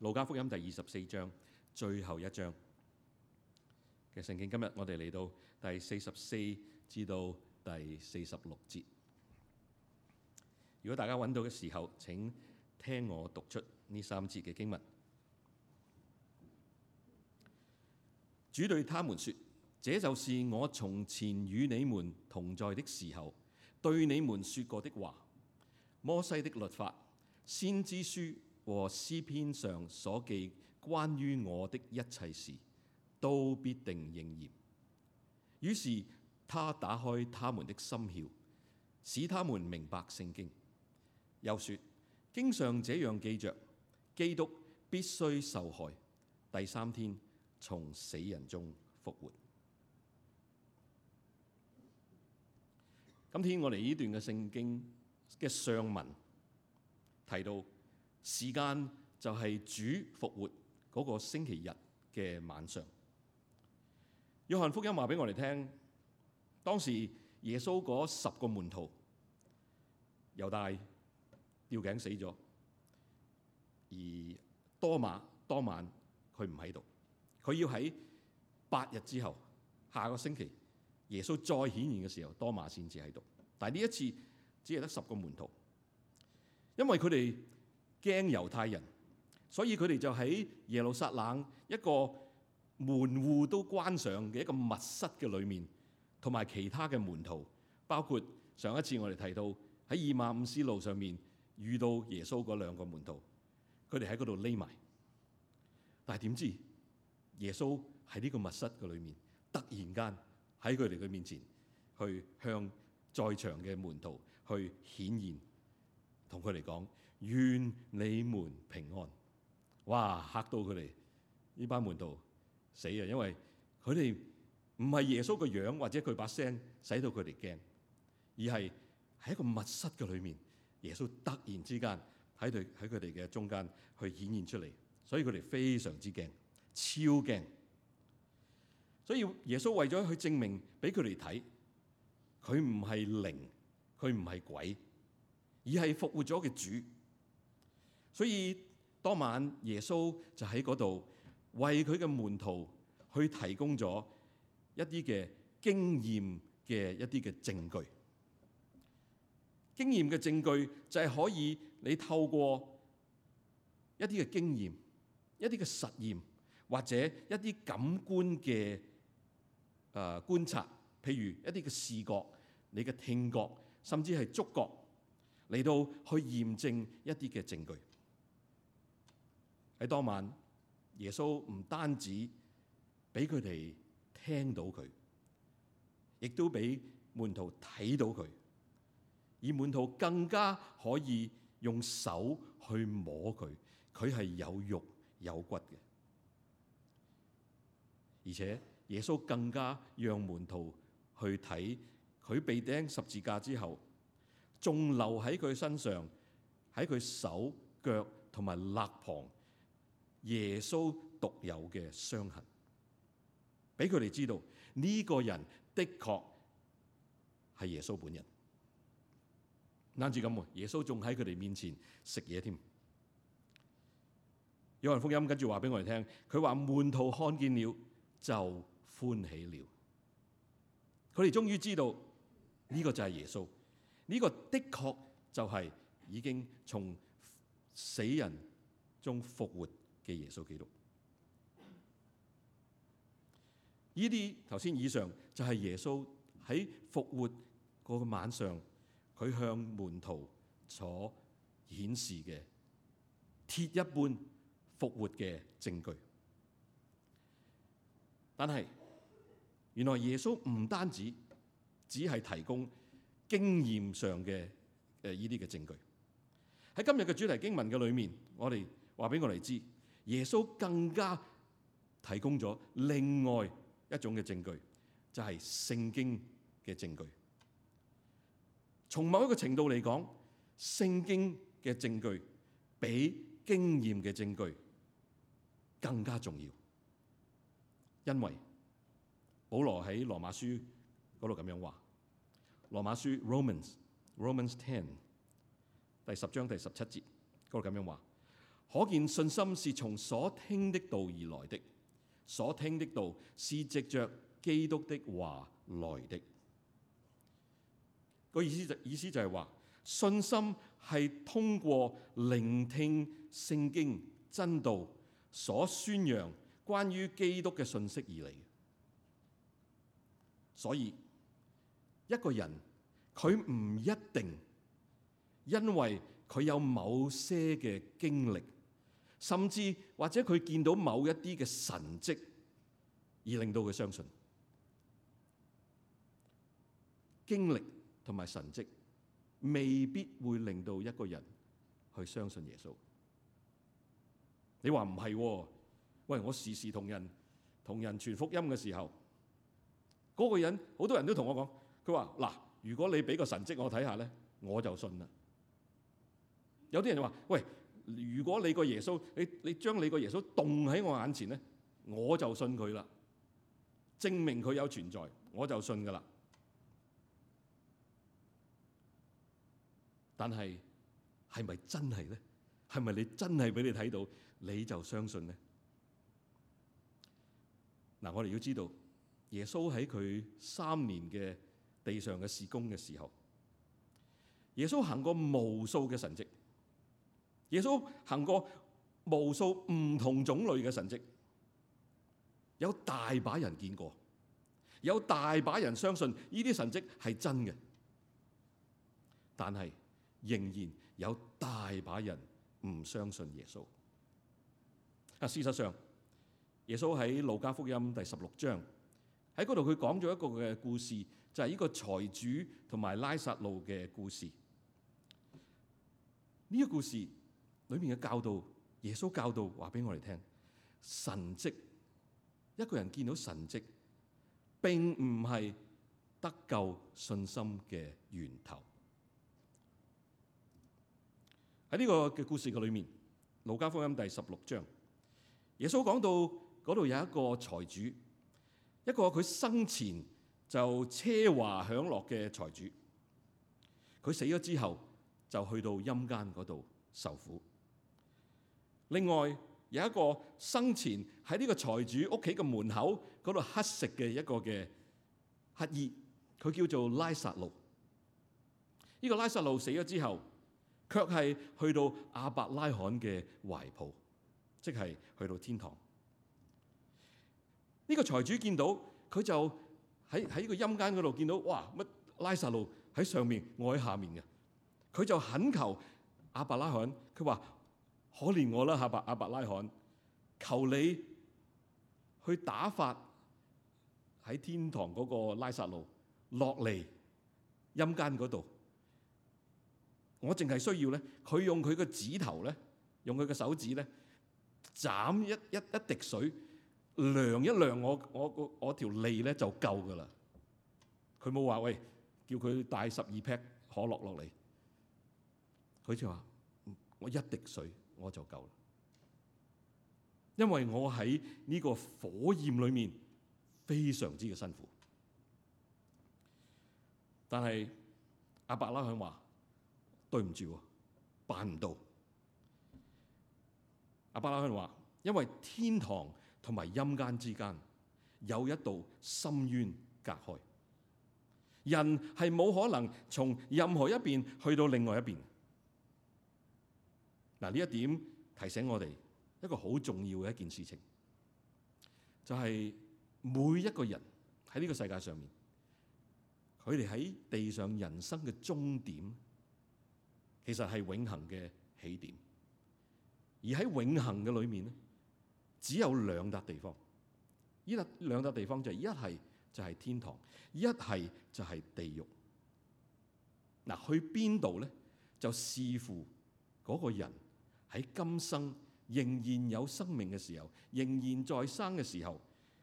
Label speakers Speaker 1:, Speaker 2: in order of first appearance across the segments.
Speaker 1: 路加福音第二十四章最後一章，嘅聖經今日我哋嚟到第四十四至到第四十六節。如果大家揾到嘅時候，請聽我讀出呢三節嘅經文。主對他們說，這就是我從前與你們同在的時候，對你們說過的話。摩西的律法、先知書。和詩篇上所記關於我的一切事，都必定應驗。於是他打開他們的心竅，使他們明白聖經。又說：經常這樣記着，基督必須受害，第三天從死人中復活。今天我哋呢段嘅聖經嘅上文提到。時間就係主復活嗰個星期日嘅晚上。約翰福音話俾我哋聽，當時耶穌嗰十個門徒，猶大吊頸死咗，而多馬當晚佢唔喺度，佢要喺八日之後下個星期耶穌再顯現嘅時候，多馬先至喺度。但係呢一次只係得十個門徒，因為佢哋驚猶太人，所以佢哋就喺耶路撒冷一個門戶都關上嘅一個密室嘅裏面，同埋其他嘅門徒，包括上一次我哋提到喺以馬忤斯路上面遇到耶穌嗰兩個門徒，佢哋喺嗰度匿埋。但係點知耶穌喺呢個密室嘅裏面，突然間喺佢哋嘅面前，去向在場嘅門徒去顯現，同佢哋講。願你們平安。哇！吓到佢哋呢班門徒死啊！因為佢哋唔係耶穌個樣或者佢把聲使到佢哋驚，而係喺一個密室嘅裏面，耶穌突然之間喺度喺佢哋嘅中間去顯現出嚟，所以佢哋非常之驚，超驚。所以耶穌為咗去證明俾佢哋睇，佢唔係靈，佢唔係鬼，而係復活咗嘅主。所以當晚耶穌就喺嗰度為佢嘅門徒去提供咗一啲嘅經驗嘅一啲嘅證據。經驗嘅證據就係可以你透過一啲嘅經驗、一啲嘅實驗，或者一啲感官嘅誒觀察，譬如一啲嘅視覺、你嘅聽覺，甚至係觸覺，嚟到去驗證一啲嘅證據。喺當晚，耶穌唔單止俾佢哋聽到佢，亦都俾門徒睇到佢，而門徒更加可以用手去摸佢，佢係有肉有骨嘅。而且耶穌更加讓門徒去睇佢被釘十字架之後，仲留喺佢身上，喺佢手腳同埋肋旁。耶穌獨有嘅傷痕，俾佢哋知道呢個人的確係耶穌本人。啱住咁，耶穌仲喺佢哋面前食嘢添。約翰福音跟住話俾我哋聽，佢話門徒看見了就歡喜了。佢哋終於知道呢個就係耶穌，呢個的確就係已經從死人中復活嘅耶穌基督，呢啲頭先以上就係、是、耶穌喺復活嗰個晚上，佢向門徒所顯示嘅鐵一般復活嘅證據。但係原來耶穌唔單止只係提供經驗上嘅誒呢啲嘅證據。喺今日嘅主題經文嘅裏面，我哋話俾我哋知。耶穌更加提供咗另外一種嘅證據，就係聖經嘅證據。從某一個程度嚟講，聖經嘅證據比經驗嘅證據更加重要，因為保羅喺羅馬書嗰度咁樣話，《羅馬書》（Romans）Romans 10，第十章第十七節嗰度咁樣話。可見信心是從所聽的道而來的，所聽的道是藉着基督的話來的。個意思就意思就係話，信心係通過聆聽聖經真道所宣揚關於基督嘅信息而嚟嘅。所以一個人，佢唔一定因為佢有某些嘅經歷。甚至或者佢見到某一啲嘅神蹟，而令到佢相信，經歷同埋神蹟未必會令到一個人去相信耶穌。你話唔係？喂，我時時同人同人傳福音嘅時候，嗰個人好多人都同我講，佢話：嗱，如果你俾個神蹟我睇下咧，我就信啦。有啲人就話：喂。如果你個耶穌，你你將你個耶穌凍喺我眼前咧，我就信佢啦，證明佢有存在，我就信噶啦。但係係咪真係咧？係咪你真係俾你睇到你就相信咧？嗱，我哋要知道耶穌喺佢三年嘅地上嘅事工嘅時候，耶穌行過無數嘅神蹟。耶穌行過無數唔同種類嘅神跡，有大把人見過，有大把人相信呢啲神跡係真嘅，但係仍然有大把人唔相信耶穌。啊，事實上，耶穌喺路加福音第十六章喺嗰度，佢講咗一個嘅故事，就係、是、呢個財主同埋拉撒路嘅故事。呢、這個故事。裡面嘅教導，耶穌教導話俾我哋聽，神蹟，一個人見到神蹟，並唔係得救信心嘅源頭。喺呢個嘅故事嘅裡面，《路加福音》第十六章，耶穌講到嗰度有一個財主，一個佢生前就奢華享樂嘅財主，佢死咗之後就去到陰間嗰度受苦。另外有一個生前喺呢個財主屋企嘅門口嗰度乞食嘅一個嘅乞兒，佢叫做拉撒路。呢個拉撒路死咗之後，卻係去到阿伯拉罕嘅懷抱，即係去到天堂。呢個財主見到佢就喺喺呢個陰間嗰度見到，哇乜拉撒路喺上面，我喺下面嘅。佢就懇求阿伯拉罕，佢話。可憐我啦，哈白阿伯拉罕，求你去打發喺天堂嗰個拉撒路落嚟陰間嗰度。我淨係需要咧，佢用佢個指頭咧，用佢個手指咧，斬一一一滴水涼一涼我我我條脷咧就夠㗎啦。佢冇話喂，叫佢帶十二劈，可樂落嚟。佢就話我一滴水。我就夠啦，因為我喺呢個火焰裏面非常之嘅辛苦，但係亞伯拉罕話：對唔住，辦唔到。亞伯拉罕話：因為天堂同埋陰間之間有一道深淵隔開，人係冇可能從任何一邊去到另外一邊。嗱，呢一點提醒我哋一個好重要嘅一件事情，就係每一個人喺呢個世界上面，佢哋喺地上人生嘅終點，其實係永恆嘅起點。而喺永恆嘅裏面咧，只有兩笪地方，依笪兩笪地方就係一係就係天堂，一係就係地獄。嗱，去邊度咧？就視乎嗰個人。喺今生仍然有生命嘅時候，仍然在生嘅時候，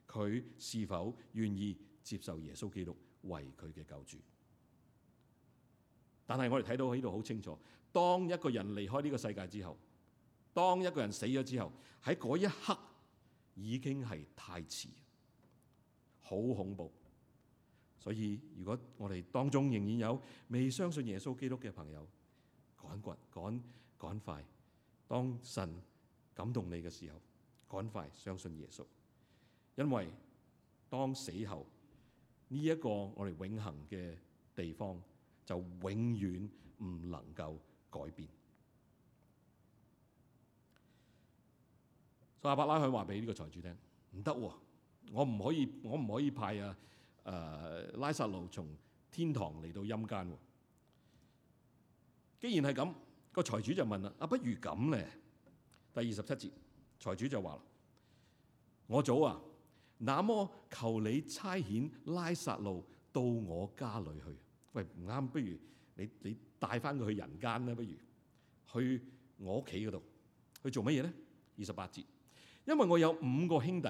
Speaker 1: 佢是否願意接受耶穌基督為佢嘅救主？但係我哋睇到喺度好清楚，當一個人離開呢個世界之後，當一個人死咗之後，喺嗰一刻已經係太遲，好恐怖。所以如果我哋當中仍然有未相信耶穌基督嘅朋友，趕、趕、趕快！當神感動你嘅時候，趕快相信耶穌，因為當死後呢一個我哋永恒嘅地方就永遠唔能夠改變。所以亞伯拉罕話俾呢個財主聽：唔得，我唔可以，我唔可以派啊誒、啊、拉撒路從天堂嚟到陰間。既然係咁。個財主就問啦，阿不如咁咧？第二十七節，財主就話：我早啊，那麼求你差遣拉撒路到我家裏去。喂，唔啱，不如你你帶翻佢去人間啦，不如去我屋企嗰度去做乜嘢咧？二十八節，因為我有五個兄弟，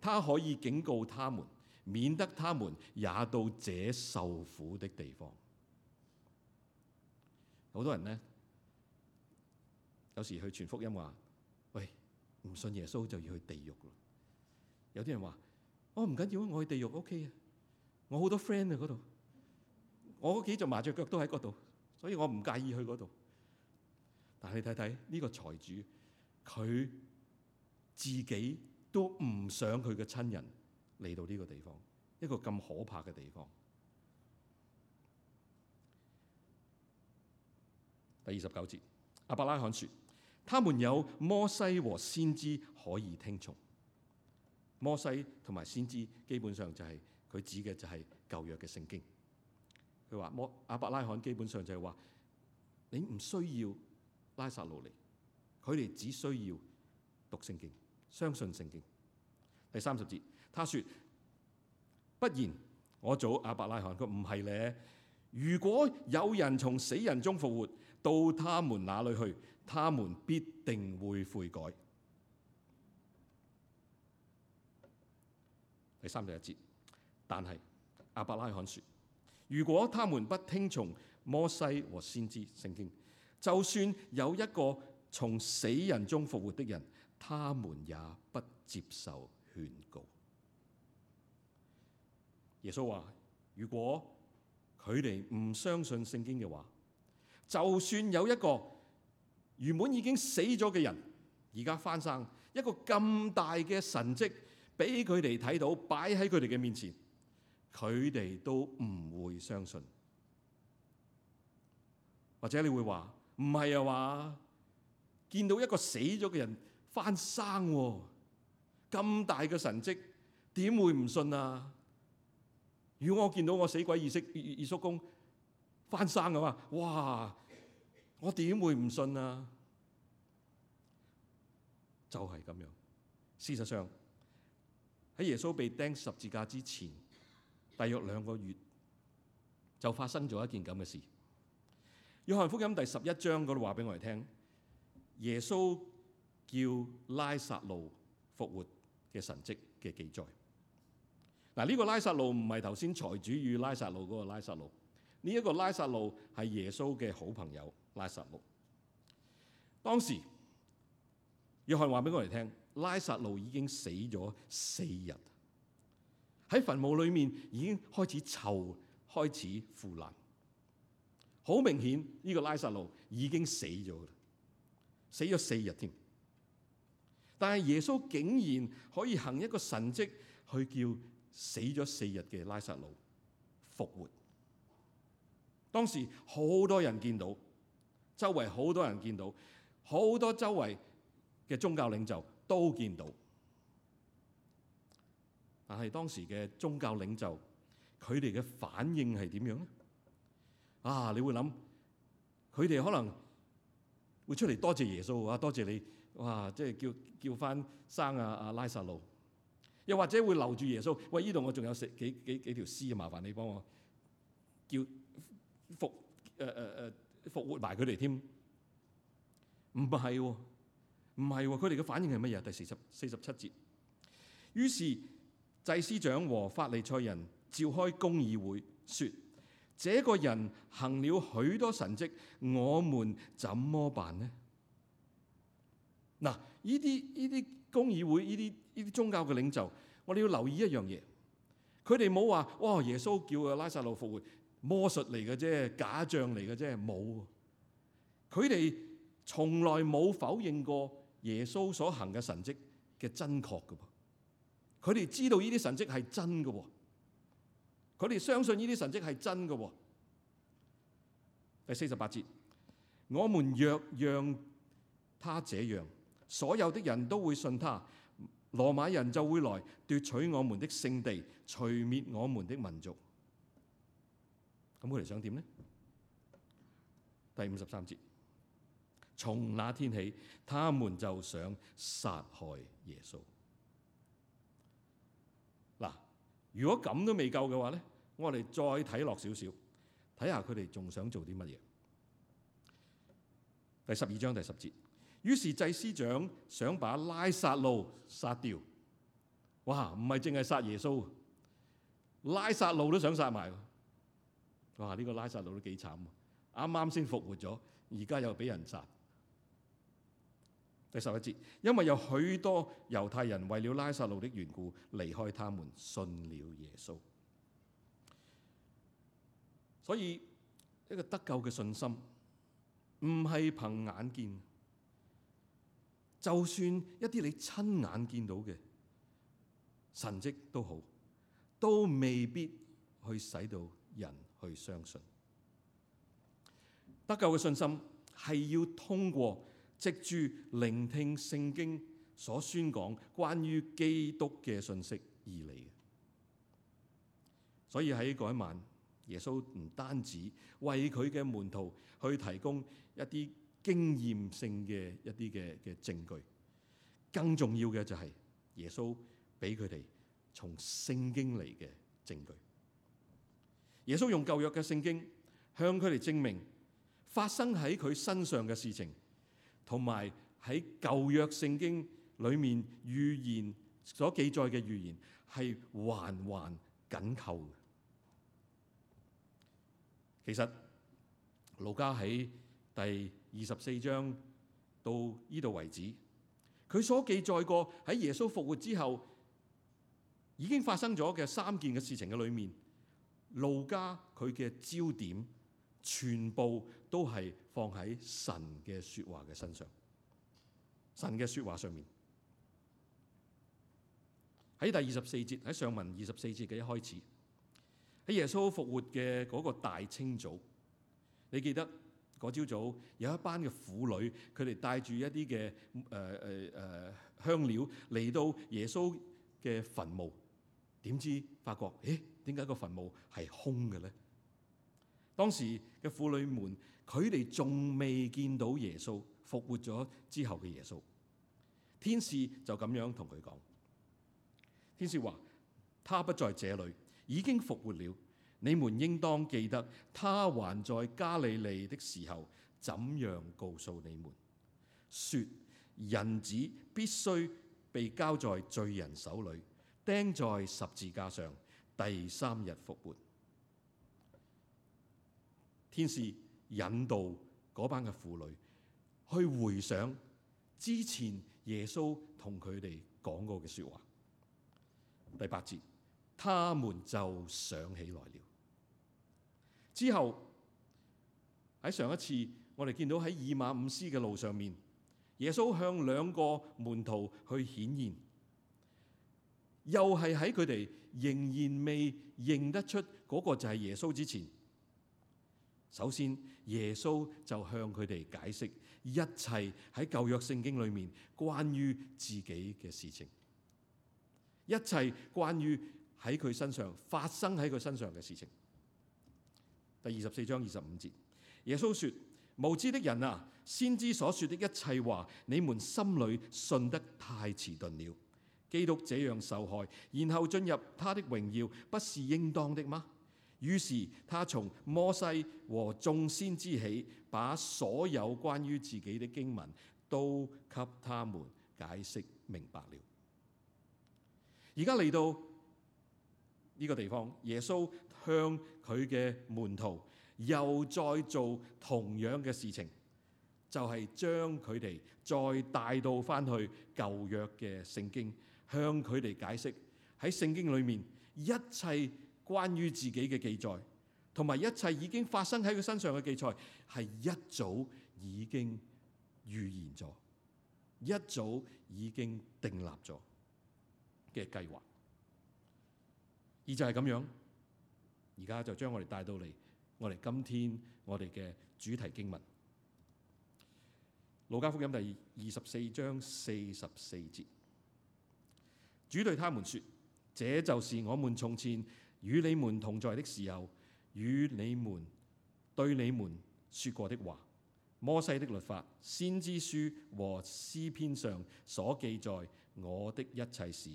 Speaker 1: 他可以警告他們，免得他們也到這受苦的地方。好多人咧。有時去傳福音話：喂，唔信耶穌就要去地獄咯。有啲人話：我，哦，唔緊要，我去地獄 OK 啊。我好多 friend 啊嗰度，我屋企就麻雀腳都喺嗰度，所以我唔介意去嗰度。但係你睇睇呢個財主，佢自己都唔想佢嘅親人嚟到呢個地方，一個咁可怕嘅地方。第二十九節，阿伯拉罕說。他們有摩西和先知可以聽從。摩西同埋先知基本上就係、是、佢指嘅就係舊約嘅聖經。佢話摩阿伯拉罕基本上就係話你唔需要拉撒路尼，佢哋只需要讀聖經、相信聖經。第三十節，他說：不然我祖阿伯拉罕，佢唔係咧。如果有人從死人中復活，到他們那裡去。他們必定會悔改。第三十一節，但係阿伯拉罕說，如果他們不聽從摩西和先知聖經，就算有一個從死人中復活的人，他們也不接受勸告。耶穌話：如果佢哋唔相信聖經嘅話，就算有一個。原本已經死咗嘅人，而家翻生，一個咁大嘅神蹟，俾佢哋睇到，擺喺佢哋嘅面前，佢哋都唔會相信。或者你會話唔係啊？話見到一個死咗嘅人翻生喎，啊，咁大嘅神蹟，點會唔信啊？如果我見到我死鬼二叔二叔公翻生嘅話，哇！我點會唔信啊？就係咁樣。事實上喺耶穌被釘十字架之前，大約兩個月就發生咗一件咁嘅事。《約翰福音》第十一章嗰度話俾我哋聽，耶穌叫拉撒路復活嘅神跡嘅記載。嗱，呢個拉撒路唔係頭先財主與拉撒路嗰個拉撒路，呢一個拉撒路係耶穌嘅好朋友。拉撒路，當時約翰話俾我哋聽，拉撒路已經死咗四日，喺墳墓裏面已經開始臭，開始腐爛，好明顯呢個拉撒路已經死咗啦，死咗四日添。但係耶穌竟然可以行一個神蹟，去叫死咗四日嘅拉撒路復活。當時好多人見到。周圍好多人見到，好多周圍嘅宗教領袖都見到，但係當時嘅宗教領袖，佢哋嘅反應係點樣咧？啊，你會諗，佢哋可能會出嚟多謝耶穌啊，多謝你，哇！即係叫叫翻生啊啊拉撒路，又或者會留住耶穌，喂！呢度我仲有食幾幾幾條屍，麻煩你幫我叫復誒誒復活埋佢哋添。唔係喎，唔係喎，佢哋嘅反應係乜嘢？第四十四十七節，於是祭司長和法利賽人召開公議會說：這個人行了許多神蹟，我們怎麼辦呢？嗱，呢啲呢啲公議會呢啲呢啲宗教嘅領袖，我哋要留意一樣嘢，佢哋冇話，哇，耶穌叫拉撒路復活。魔術嚟嘅啫，假象嚟嘅啫，冇。佢哋從來冇否認過耶穌所行嘅神蹟嘅真確嘅，佢哋知道呢啲神蹟係真嘅，佢哋相信呢啲神蹟係真嘅。第四十八節，我們若讓他這樣，所有的人都會信他，羅馬人就會來奪取我們的聖地，除滅我們的民族。咁佢哋想點咧？第五十三節，從那天起，他們就想殺害耶穌。嗱，如果咁都未夠嘅話咧，我哋再睇落少少，睇下佢哋仲想做啲乜嘢？第十二章第十節，於是祭司長想把拉撒路殺掉。哇，唔係淨係殺耶穌，拉撒路都想殺埋。話呢，這個拉撒路都幾慘，啊，啱啱先復活咗，而家又俾人殺。第十一節，因為有許多猶太人為了拉撒路的緣故離開他們，信了耶穌。所以一個得救嘅信心唔係憑眼見，就算一啲你親眼見到嘅神跡都好，都未必去使到人，去相信，得救嘅信心係要通過藉住聆聽聖經所宣講關於基督嘅信息而嚟嘅。所以喺嗰一晚，耶穌唔單止為佢嘅門徒去提供一啲經驗性嘅一啲嘅嘅證據，更重要嘅就係耶穌俾佢哋從聖經嚟嘅證據。耶穌用舊約嘅聖經向佢哋證明，發生喺佢身上嘅事情，同埋喺舊約聖經裏面預言所記載嘅預言係環環緊扣嘅。其實路加喺第二十四章到呢度為止，佢所記載過喺耶穌復活之後已經發生咗嘅三件嘅事情嘅裏面。路加佢嘅焦點全部都係放喺神嘅說話嘅身上，神嘅說話上面。喺第二十四節，喺上文二十四節嘅一開始，喺耶穌復活嘅嗰個大清早，你記得嗰朝早有一班嘅婦女，佢哋帶住一啲嘅誒誒誒香料嚟到耶穌嘅墳墓，點知發覺誒？點解個墳墓係空嘅呢？當時嘅婦女們，佢哋仲未見到耶穌復活咗之後嘅耶穌。天使就咁樣同佢講：天使話，他不在這裡，已經復活了。你們應當記得，他還在加利利的時候，怎樣告訴你們，説人子必須被交在罪人手裏，釘在十字架上。第三日復活，天使引導嗰班嘅婦女去回想之前耶穌同佢哋講過嘅説話。第八節，他們就想起來了。之後喺上一次，我哋見到喺以馬忤斯嘅路上面，耶穌向兩個門徒去顯現。又係喺佢哋仍然未認得出嗰個就係耶穌之前，首先耶穌就向佢哋解釋一切喺舊約聖經裏面關於自己嘅事情，一切關於喺佢身上發生喺佢身上嘅事情。第二十四章二十五節，耶穌說，無知的人啊，先知所說的一切話，你們心裏信得太遲鈍了。基督這樣受害，然後進入他的榮耀，不是應當的嗎？於是他從摩西和眾先知起，把所有關於自己的經文都給他們解釋明白了。而家嚟到呢個地方，耶穌向佢嘅門徒又再做同樣嘅事情，就係將佢哋再帶到翻去舊約嘅聖經。向佢哋解釋喺聖經裏面一切關於自己嘅記載，同埋一切已經發生喺佢身上嘅記載，係一早已經預言咗，一早已經訂立咗嘅計劃。而就係咁樣，而家就將我哋帶到嚟，我哋今天我哋嘅主題經文《路加福音》第二十四章四十四節。主對他們說：這就是我們從前與你們同在的時候，與你們對你們說過的話。摩西的律法、先知書和詩篇上所記載我的一切事，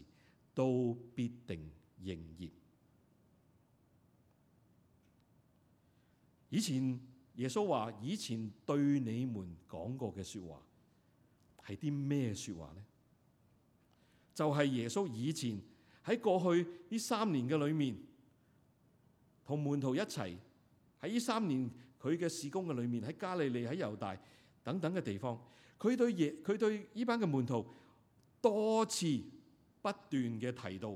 Speaker 1: 都必定應驗。以前耶穌話，以前對你們講過嘅說話，係啲咩說話呢？就係耶穌以前喺過去呢三年嘅裏面，同門徒一齊喺呢三年佢嘅事工嘅裏面，喺加利利、喺猶大等等嘅地方，佢對耶佢對呢班嘅門徒多次不斷嘅提到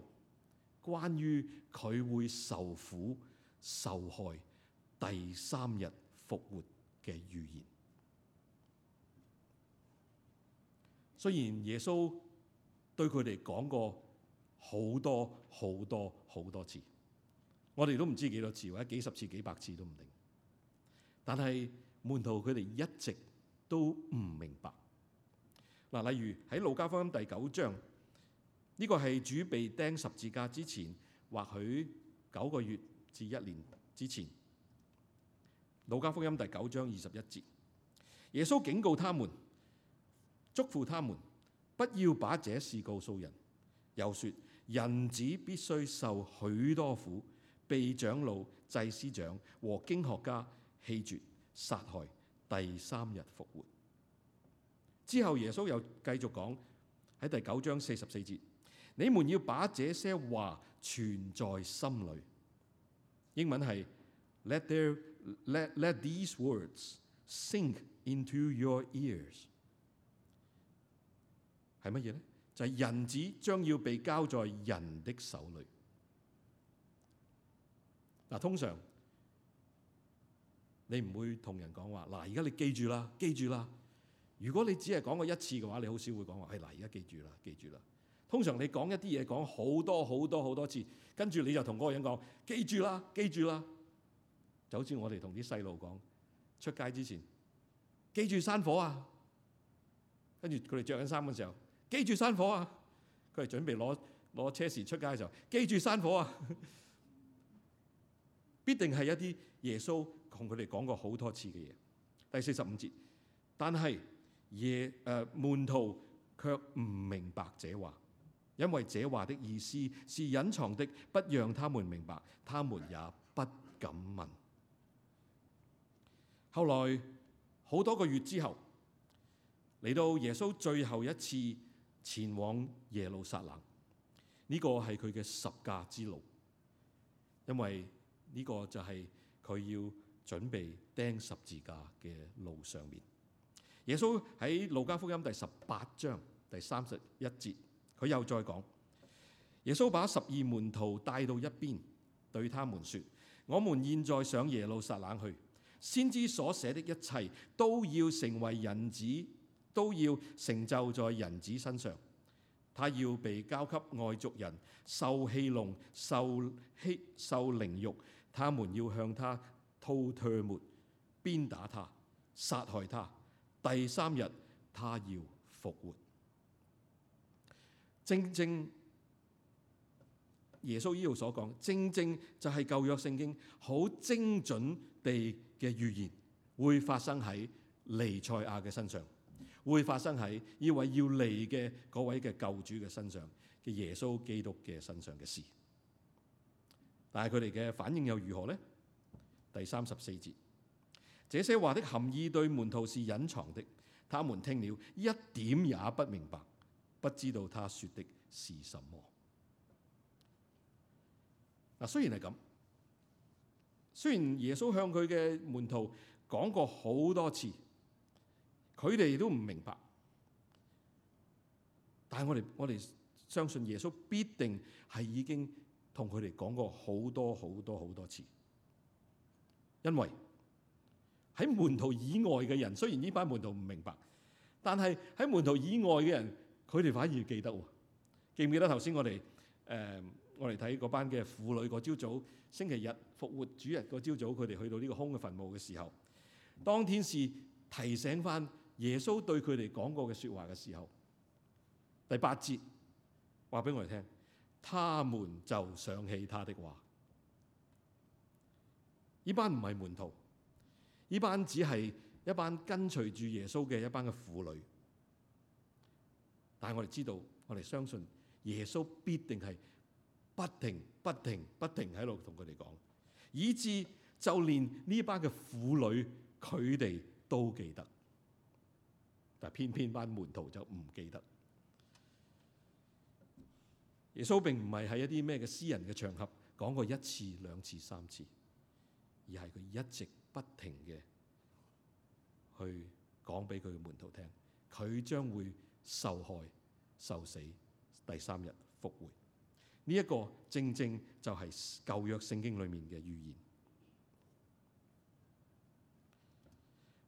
Speaker 1: 關於佢會受苦、受害、第三日復活嘅預言。雖然耶穌，對佢哋講過好多好多好多次，我哋都唔知幾多次，或者幾十次、幾百次都唔定。但係門徒佢哋一直都唔明白。嗱，例如喺路加福音第九章，呢、這個係主被釘十字架之前，或許九個月至一年之前。路加福音第九章二十一節，耶穌警告他們，囑咐他們。不要把這事告訴人。又說，人子必須受許多苦，被長老、祭司長和經學家棄絕、殺害，第三日復活。之後耶穌又繼續講喺第九章四十四節，你們要把這些話存在心裏。英文係 Let there let let these words sink into your ears。係乜嘢咧？就係、是、人子將要被交在人的手裏。嗱、啊，通常你唔會同人講話。嗱、啊，而家你記住啦，記住啦。如果你只係講過一次嘅話，你好少會講話。係、哎、嗱，而、啊、家記住啦，記住啦。通常你講一啲嘢講好多好多好多次，跟住你就同嗰個人講：記住啦，記住啦。就好似我哋同啲細路講出街之前，記住閂火啊！跟住佢哋着緊衫嘅時候，記住閂火啊！佢係準備攞攞車匙出街嘅時候，記住閂火啊！必定係一啲耶穌同佢哋講過好多次嘅嘢，第四十五節。但係耶誒、呃、門徒卻唔明白這話，因為這話的意思是隱藏的，不讓他們明白，他們也不敢問。後來好多個月之後，嚟到耶穌最後一次，前往耶路撒冷，呢個係佢嘅十架之路，因為呢個就係佢要準備釘十字架嘅路上面。耶穌喺路加福音第十八章第三十一節，佢又再講：耶穌把十二門徒帶到一邊，對他們說：我們現在上耶路撒冷去，先知所寫的一切都要成為人子。都要成就在人子身上，他要被交給外族人受戲弄，受欺受凌辱，他們要向他吐唾沫，鞭打他，殺害他。第三日，他要復活。正正耶穌呢度所講，正正就係舊約聖經好精準地嘅預言，會發生喺彌賽亞嘅身上。會發生喺呢位要嚟嘅嗰位嘅救主嘅身上嘅耶穌基督嘅身上嘅事，但係佢哋嘅反應又如何呢？第三十四節，這些話的含義對門徒是隱藏的，他們聽了一點也不明白，不知道他說的是什麼。嗱，雖然係咁，雖然耶穌向佢嘅門徒講過好多次。佢哋都唔明白，但係我哋我哋相信耶穌必定係已經同佢哋講過好多好多好多次，因為喺門徒以外嘅人，雖然呢班門徒唔明白，但係喺門徒以外嘅人，佢哋反而記得，記唔記得頭先我哋誒、呃、我哋睇嗰班嘅婦女嗰朝早星期日復活主日嗰朝早，佢哋去到呢個空嘅墳墓嘅時候，當天使提醒翻。耶穌對佢哋講過嘅説話嘅時候，第八節話俾我哋聽，他們就想起他的話。呢班唔係門徒，呢班只係一班跟隨住耶穌嘅一班嘅婦女。但係我哋知道，我哋相信耶穌必定係不停、不停、不停喺度同佢哋講，以致就連呢班嘅婦女，佢哋都記得。但偏偏班門徒就唔記得，耶穌並唔係喺一啲咩嘅私人嘅場合講過一次、兩次、三次，而係佢一直不停嘅去講俾佢門徒聽，佢將會受害、受死，第三日復活。呢一個正正就係舊約聖經裡面嘅預言。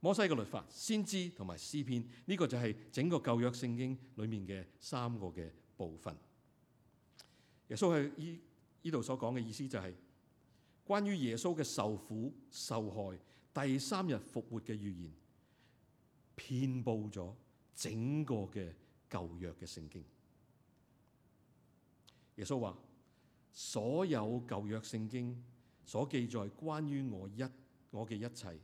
Speaker 1: 摩西嘅律法、先知同埋詩篇，呢、這個就係整個舊約聖經裡面嘅三個嘅部分。耶穌喺呢呢度所講嘅意思就係、是、關於耶穌嘅受苦、受害、第三日復活嘅預言，遍佈咗整個嘅舊約嘅聖經。耶穌話：所有舊約聖經所記載關於我一我嘅一切。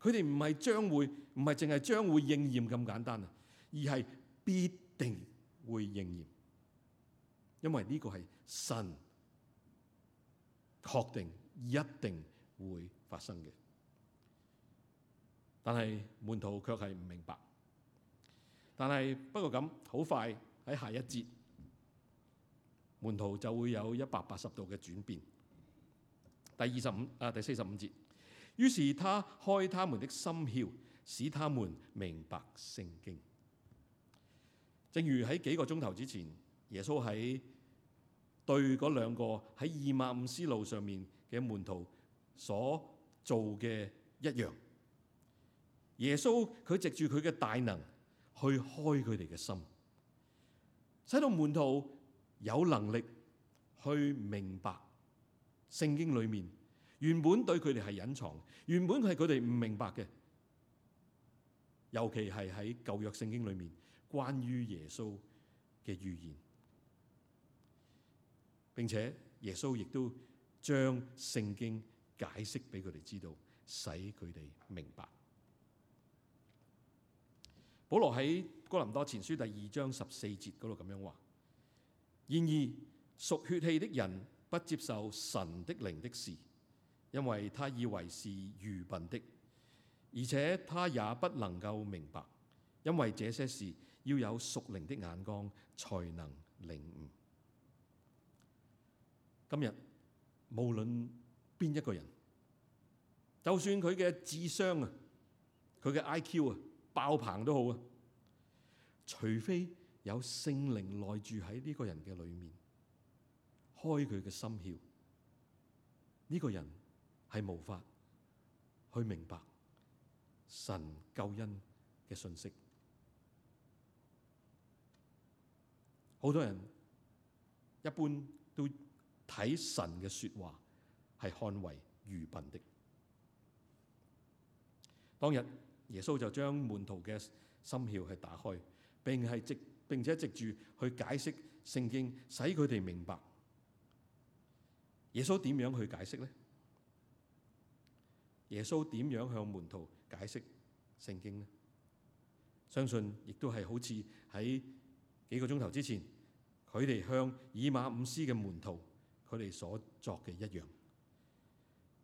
Speaker 1: 佢哋唔係將會，唔係淨係將會應驗咁簡單啊，而係必定會應驗，因為呢個係神確定一定會發生嘅。但係門徒卻係唔明白。但係不過咁，好快喺下一節，門徒就會有一百八十度嘅轉變。第二十五啊，第四十五節。於是他開他們的心竅，使他們明白聖經。正如喺幾個鐘頭之前，耶穌喺對嗰兩個喺以馬忤斯路上面嘅門徒所做嘅一樣，耶穌佢藉住佢嘅大能去開佢哋嘅心，使到門徒有能力去明白聖經裏面。原本對佢哋係隱藏，原本係佢哋唔明白嘅，尤其係喺舊約聖經裏面關於耶穌嘅預言，並且耶穌亦都將聖經解釋俾佢哋知道，使佢哋明白。保羅喺哥林多前書第二章十四節嗰度咁樣話：「然而，屬血氣的人不接受神的靈的事。因為他以為是愚笨的，而且他也不能夠明白，因為這些事要有屬靈的眼光才能領悟。今日無論邊一個人，就算佢嘅智商啊，佢嘅 IQ 啊爆棚都好啊，除非有聖靈內住喺呢個人嘅裏面，開佢嘅心竅，呢、呢個人，係無法去明白神救恩嘅信息。好多人一般都睇神嘅說話係看為愚笨的。當日耶穌就將門徒嘅心竅係打開，並係直並且藉住去解釋聖經，使佢哋明白耶穌點樣去解釋呢？耶穌點樣向門徒解釋聖經呢？相信亦都係好似喺幾個鐘頭之前，佢哋向以馬忤斯嘅門徒，佢哋所作嘅一樣，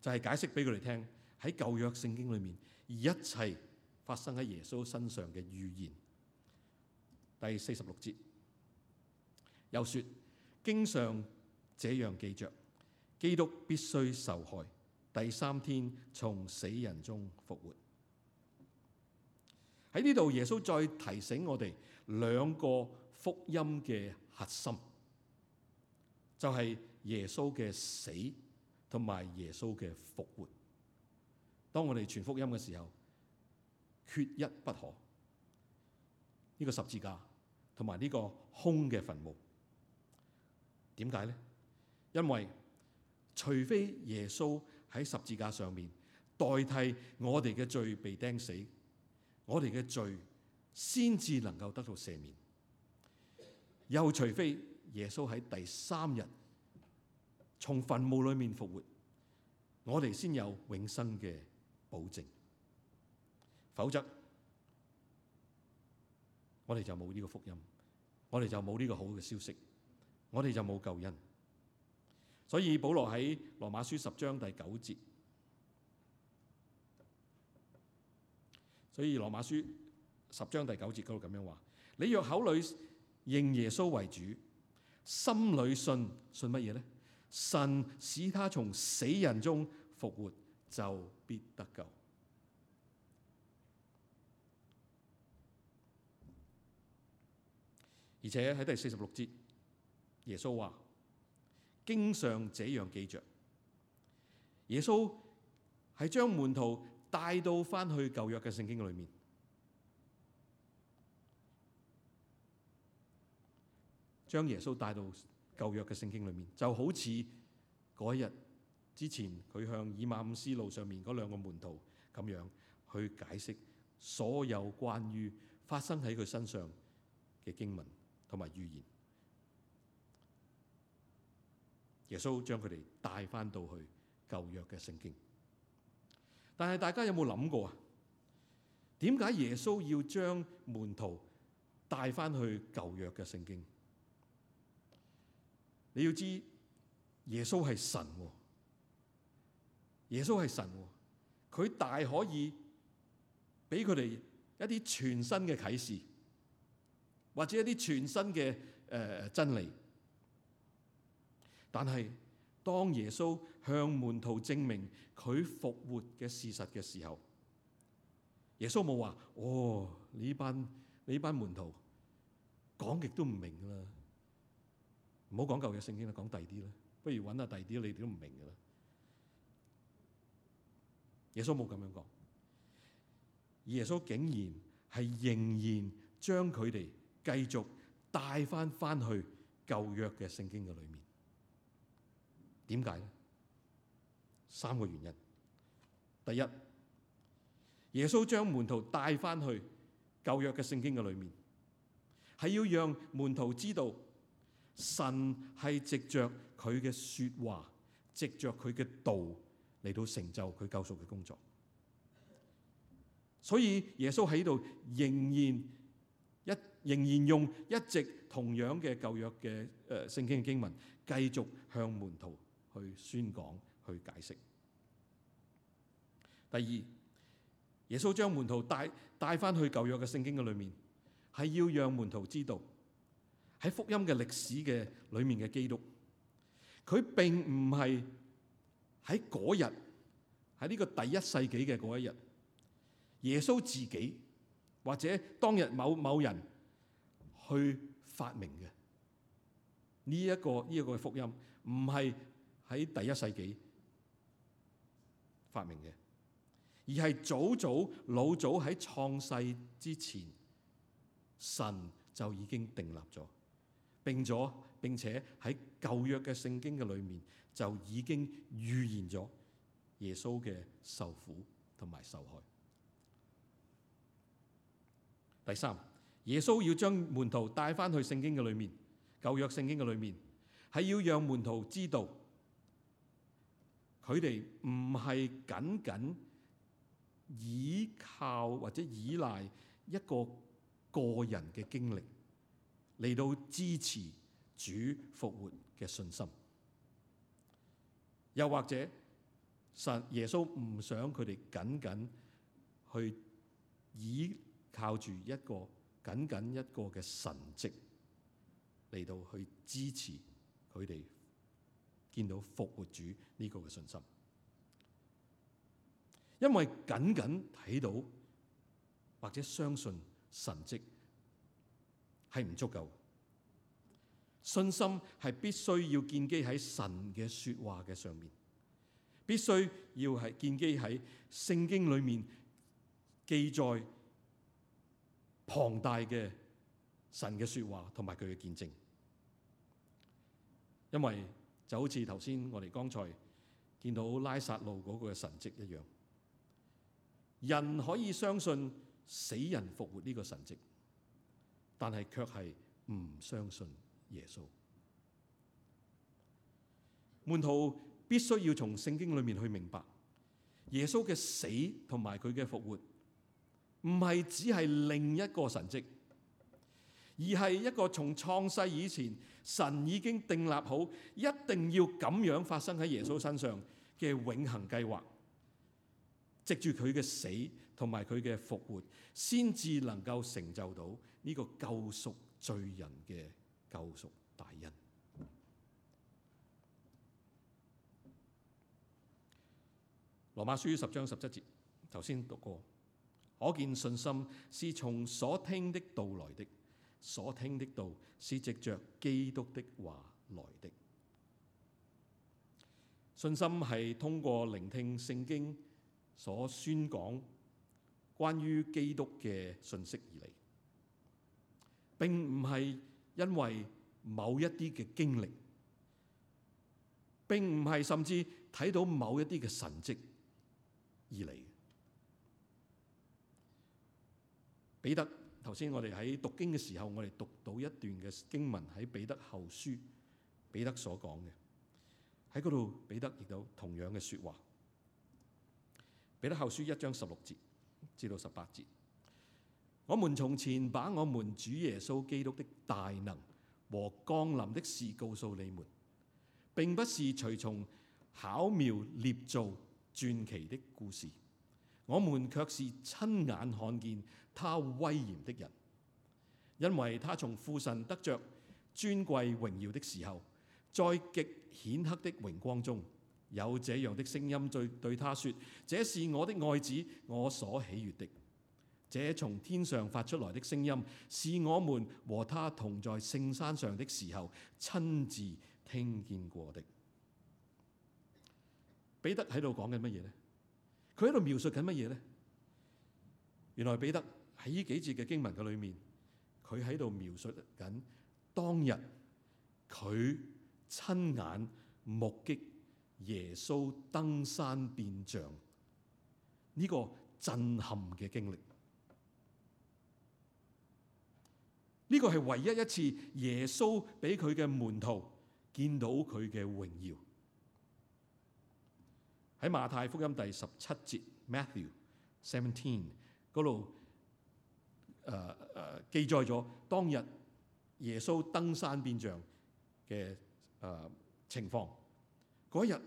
Speaker 1: 就係解釋俾佢哋聽喺舊約聖經裏面而一切發生喺耶穌身上嘅預言。第四十六節又說，經上這樣記着：基督必須受害。第三天從死人中復活。喺呢度，耶穌再提醒我哋兩個福音嘅核心，就係耶穌嘅死同埋耶穌嘅復活。當我哋傳福音嘅時候，缺一不可。呢個十字架同埋呢個空嘅墳墓，點解咧？因為除非耶穌。喺十字架上面代替我哋嘅罪被釘死，我哋嘅罪先至能夠得到赦免。又除非耶穌喺第三日從墳墓裏面復活，我哋先有永生嘅保證。否則我哋就冇呢個福音，我哋就冇呢個好嘅消息，我哋就冇救恩。所以保羅喺羅馬書十章第九節，所以羅馬書十章第九節嗰度咁樣話：你若口裏認耶穌為主，心裏信信乜嘢呢？神使他從死人中復活，就必得救。而且喺第四十六節，耶穌話。經上這樣記着：耶穌係將門徒帶到翻去舊約嘅聖經裏面，將耶穌帶到舊約嘅聖經裏面，就好似嗰日之前佢向以馬忤斯路上面嗰兩個門徒咁樣去解釋所有關於發生喺佢身上嘅經文同埋預言。耶穌將佢哋帶翻到去舊約嘅聖經，但係大家有冇諗過啊？點解耶穌要將門徒帶翻去舊約嘅聖經？你要知耶穌係神啊，耶穌係神啊，佢大可以俾佢哋一啲全新嘅啟示，或者一啲全新嘅誒真理。但係，當耶穌向門徒證明佢復活嘅事實嘅時候，耶穌冇話，哦，呢班你班門徒講極都唔明噶啦，唔好講舊嘅聖經啦，講第啲啦，不如搵下第啲你哋都唔明噶啦。耶穌冇咁樣講，耶穌竟然係仍然將佢哋繼續帶翻翻去舊約嘅聖經嘅裏面。點解咧？三個原因。第一，耶穌將門徒帶翻去舊約嘅聖經嘅裏面，係要讓門徒知道神係藉着佢嘅説話，藉着佢嘅道嚟到成就佢救贖嘅工作。所以耶穌喺度仍然一仍然用一直同樣嘅舊約嘅誒聖經嘅經文，繼續向門徒。去宣講、去解釋。第二，耶穌將門徒帶帶翻去舊約嘅聖經嘅裏面，係要讓門徒知道喺福音嘅歷史嘅裏面嘅基督，佢並唔係喺嗰日喺呢個第一世紀嘅嗰一日，耶穌自己或者當日某某人去發明嘅呢一個呢一個福音，唔係。喺第一世紀發明嘅，而係早早老早喺創世之前，神就已經定立咗，並咗，並且喺舊約嘅聖經嘅裏面就已經預言咗耶穌嘅受苦同埋受害。第三，耶穌要將門徒帶翻去聖經嘅裏面，舊約聖經嘅裏面，係要讓門徒知道。佢哋唔係僅僅依靠或者依賴一個個人嘅經歷嚟到支持主復活嘅信心，又或者神耶穌唔想佢哋僅僅去倚靠住一個僅僅一個嘅神跡嚟到去支持佢哋。見到復活主呢個嘅信心，因為僅僅睇到或者相信神跡係唔足夠，信心係必須要建基喺神嘅說話嘅上面，必須要係建基喺聖經裏面記載龐大嘅神嘅說話同埋佢嘅見證，因為。就好似頭先我哋剛才見到拉撒路嗰個嘅神跡一樣，人可以相信死人復活呢個神跡，但係卻係唔相信耶穌。門徒必須要從聖經裡面去明白耶穌嘅死同埋佢嘅復活，唔係只係另一個神跡，而係一個從創世以前，神已經訂立好，一定要咁樣發生喺耶穌身上嘅永恆計劃，藉住佢嘅死同埋佢嘅復活，先至能夠成就到呢個救贖罪人嘅救贖大恩。羅馬書十章十七節，頭先讀過，可見信心是從所聽的到來的。所聽的道是藉着着基督的話來的，信心係通過聆聽聖經所宣講關於基督嘅信息而嚟，並唔係因為某一啲嘅經歷，並唔係甚至睇到某一啲嘅神蹟而嚟。彼得。頭先我哋喺讀經嘅時候，我哋讀到一段嘅經文喺彼得後書，彼得所講嘅喺嗰度，彼得亦都有同樣嘅説話。彼得後書一章十六節至到十八節，我們從前把我們主耶穌基督的大能和降臨的事告訴你們，並不是隨從巧妙捏造傳奇的故事。我們卻是親眼看見他威嚴的人，因為他從父神得着尊貴榮耀的時候，在極顯赫的榮光中，有這樣的聲音對他說：這是我的愛子，我所喜悅的。這從天上發出來的聲音，是我們和他同在聖山上的時候親自聽見過的。彼得喺度講緊乜嘢呢？佢喺度描述緊乜嘢咧？原來彼得喺呢幾節嘅經文嘅裏面，佢喺度描述緊當日佢親眼目擊耶穌登山變像呢個震撼嘅經歷。呢個係唯一一次耶穌俾佢嘅門徒見到佢嘅榮耀。喺馬太福音第十七節 （Matthew Seventeen） 嗰度，誒誒記載咗當日耶穌登山變像嘅誒情況。嗰日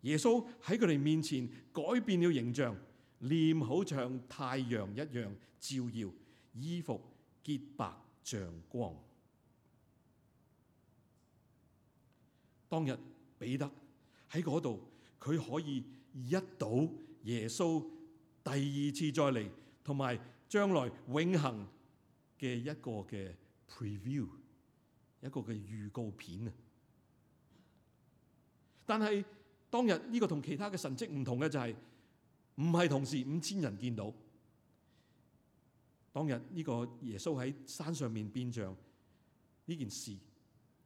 Speaker 1: 耶穌喺佢哋面前改變了形象，臉好像太陽一樣照耀，衣服潔白像光。當日彼得喺嗰度。佢可以一睹耶穌第二次再嚟，同埋將來永恆嘅一個嘅 preview，一個嘅預告片啊！但係當日呢個同其他嘅神蹟唔同嘅就係唔係同時五千人見到。當日呢個耶穌喺山上面變像呢件事，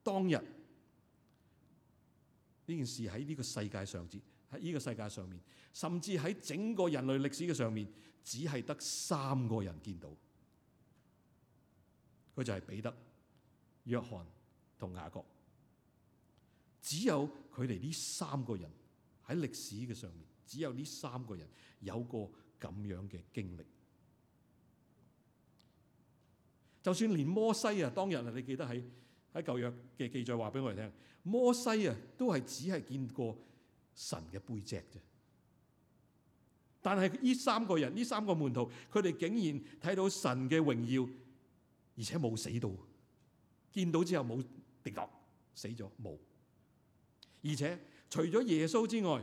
Speaker 1: 當日。呢件事喺呢個世界上面，喺呢個世界上面，甚至喺整個人類歷史嘅上面，只係得三個人見到佢就係彼得、約翰同雅各。只有佢哋呢三個人喺歷史嘅上面，只有呢三個人有過咁樣嘅經歷。就算連摩西啊，當日啊，你記得喺。喺舊約嘅記載話俾我哋聽，摩西啊都係只係見過神嘅背脊啫。但係呢三個人，呢三個門徒，佢哋竟然睇到神嘅榮耀，而且冇死到，見到之後冇跌落死咗冇。而且除咗耶穌之外，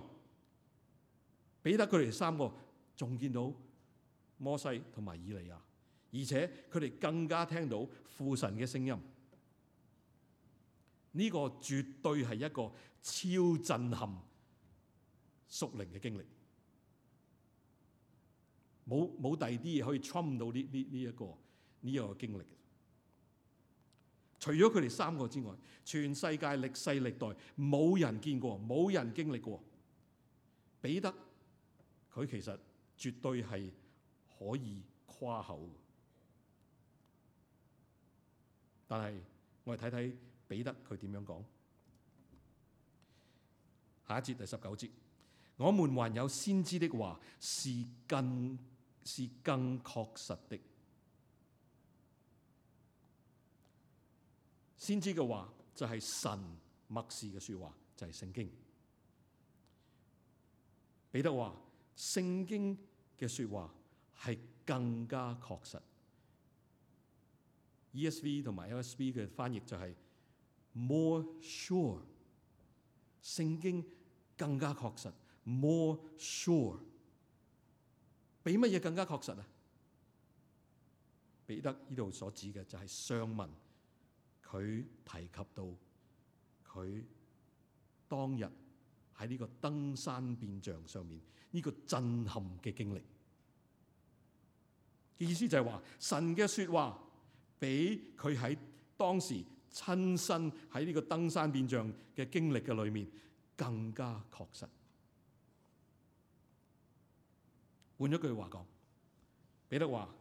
Speaker 1: 彼得佢哋三個仲見到摩西同埋以利亞，而且佢哋更加聽到父神嘅聲音。呢個絕對係一個超震撼、屬靈嘅經歷，冇冇第二啲嘢可以 trump 到呢呢呢一個呢個經歷。除咗佢哋三個之外，全世界歷世歷代冇人見過，冇人經歷過。彼得佢其實絕對係可以誇口，但係我哋睇睇。彼得佢點樣講？下一節第十九節，我們還有先知的話是更是更確實的。先知嘅話就係、是、神默示嘅説話，就係、是、聖經。彼得話聖經嘅説話係更加確實。ESV 同埋 LSV 嘅翻譯就係、是。More sure，聖經更加確實。More sure，比乜嘢更加確實啊？彼得呢度所指嘅就係上文，佢提及到佢當日喺呢個登山變像上面呢個震撼嘅經歷。嘅意思就係話神嘅説話俾佢喺當時，親身喺呢個登山變像嘅經歷嘅裏面，更加確實。換咗句話講，彼得話：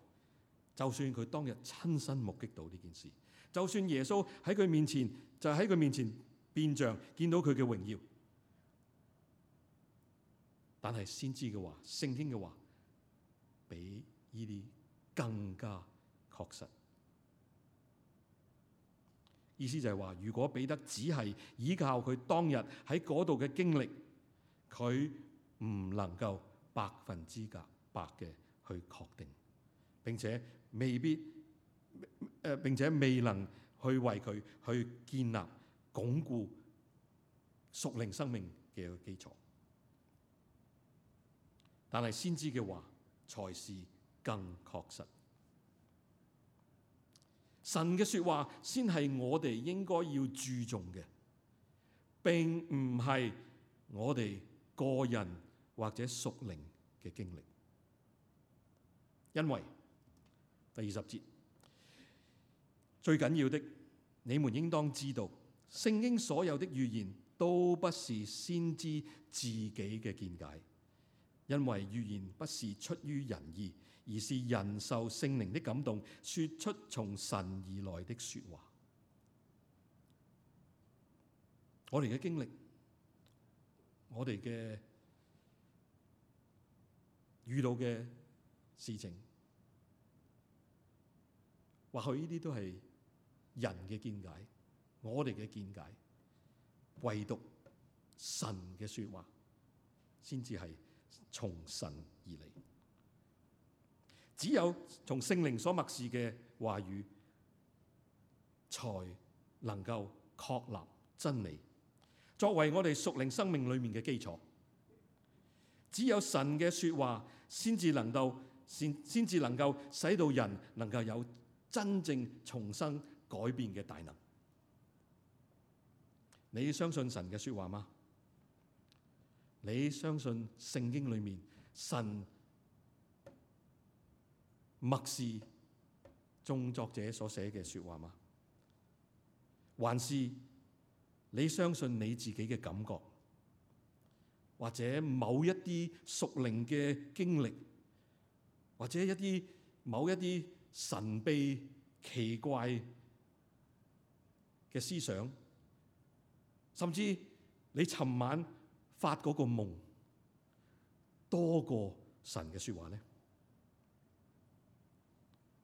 Speaker 1: 就算佢當日親身目擊到呢件事，就算耶穌喺佢面前就喺、是、佢面前變像，見到佢嘅榮耀，但係先知嘅話、聖經嘅話，比呢啲更加確實。意思就係話，如果彼得只係依靠佢當日喺嗰度嘅經歷，佢唔能夠百分之百嘅去確定，並且未必誒、呃、並且未能去為佢去建立、鞏固、屬靈生命嘅基礎。但係先知嘅話，才是更確實。神嘅説話先係我哋應該要注重嘅，並唔係我哋個人或者屬靈嘅經歷。因為第二十節最緊要的，你們應當知道聖經所有的預言都不是先知自己嘅見解，因為預言不是出於人意。而是人受聖靈的感動，說出從神而來的説話。我哋嘅經歷，我哋嘅遇到嘅事情，或許呢啲都係人嘅見解，我哋嘅見解，唯獨神嘅説話，先至係從神而嚟。只有從聖靈所默示嘅話語，才能夠確立真理，作為我哋屬靈生命裏面嘅基礎。只有神嘅説話，先至能夠先先至能夠使到人能夠有真正重新改變嘅大能。你相信神嘅説話嗎？你相信聖經裏面神默示眾作者所寫嘅說話嗎？還是你相信你自己嘅感覺，或者某一啲屬靈嘅經歷，或者一啲某一啲神秘奇怪嘅思想，甚至你尋晚發嗰個夢多過神嘅說話呢？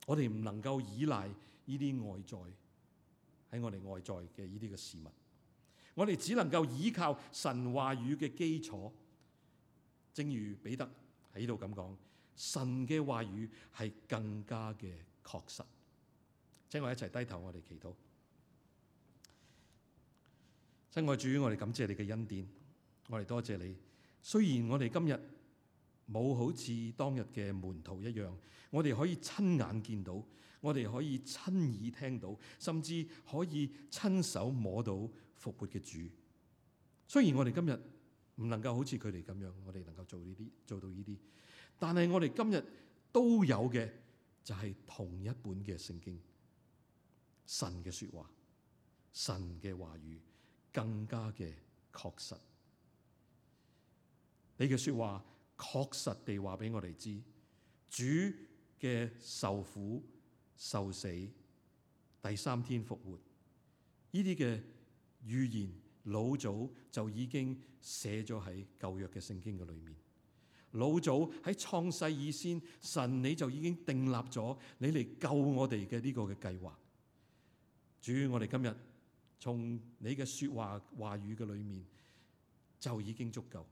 Speaker 1: 我哋唔能夠依賴呢啲外在喺我哋外在嘅呢啲嘅事物，我哋只能夠依靠神話語嘅基礎。正如彼得喺度咁講，神嘅話語係更加嘅確實。請我一齊低頭，我哋祈禱。親愛主，我哋感謝你嘅恩典，我哋多謝你。雖然我哋今日，冇好似當日嘅門徒一樣，我哋可以親眼見到，我哋可以親耳聽到，甚至可以親手摸到復活嘅主。雖然我哋今日唔能夠好似佢哋咁樣，我哋能夠做呢啲做到呢啲，但係我哋今日都有嘅就係同一本嘅聖經，神嘅說話，神嘅話語更加嘅確實。你嘅說話。確實地話俾我哋知，主嘅受苦、受死、第三天復活，呢啲嘅預言老早就已經寫咗喺舊約嘅聖經嘅裏面。老早喺創世以先，神你就已經定立咗你嚟救我哋嘅呢個嘅計劃。主，我哋今日從你嘅說話話語嘅裏面就已經足夠。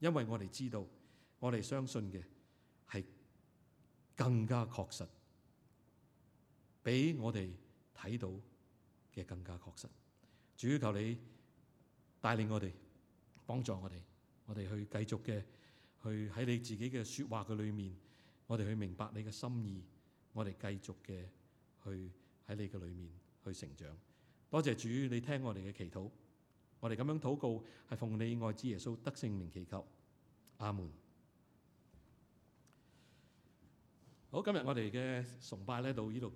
Speaker 1: 因為我哋知道，我哋相信嘅係更加確實，比我哋睇到嘅更加確實。主求你帶領我哋，幫助我哋，我哋去繼續嘅，去喺你自己嘅說話嘅裏面，我哋去明白你嘅心意，我哋繼續嘅去喺你嘅裏面去成長。多謝主，你聽我哋嘅祈禱。我哋噉樣禱告，係奉你愛子耶穌得勝名祈求，阿們。好，今日我哋嘅崇拜到呢度。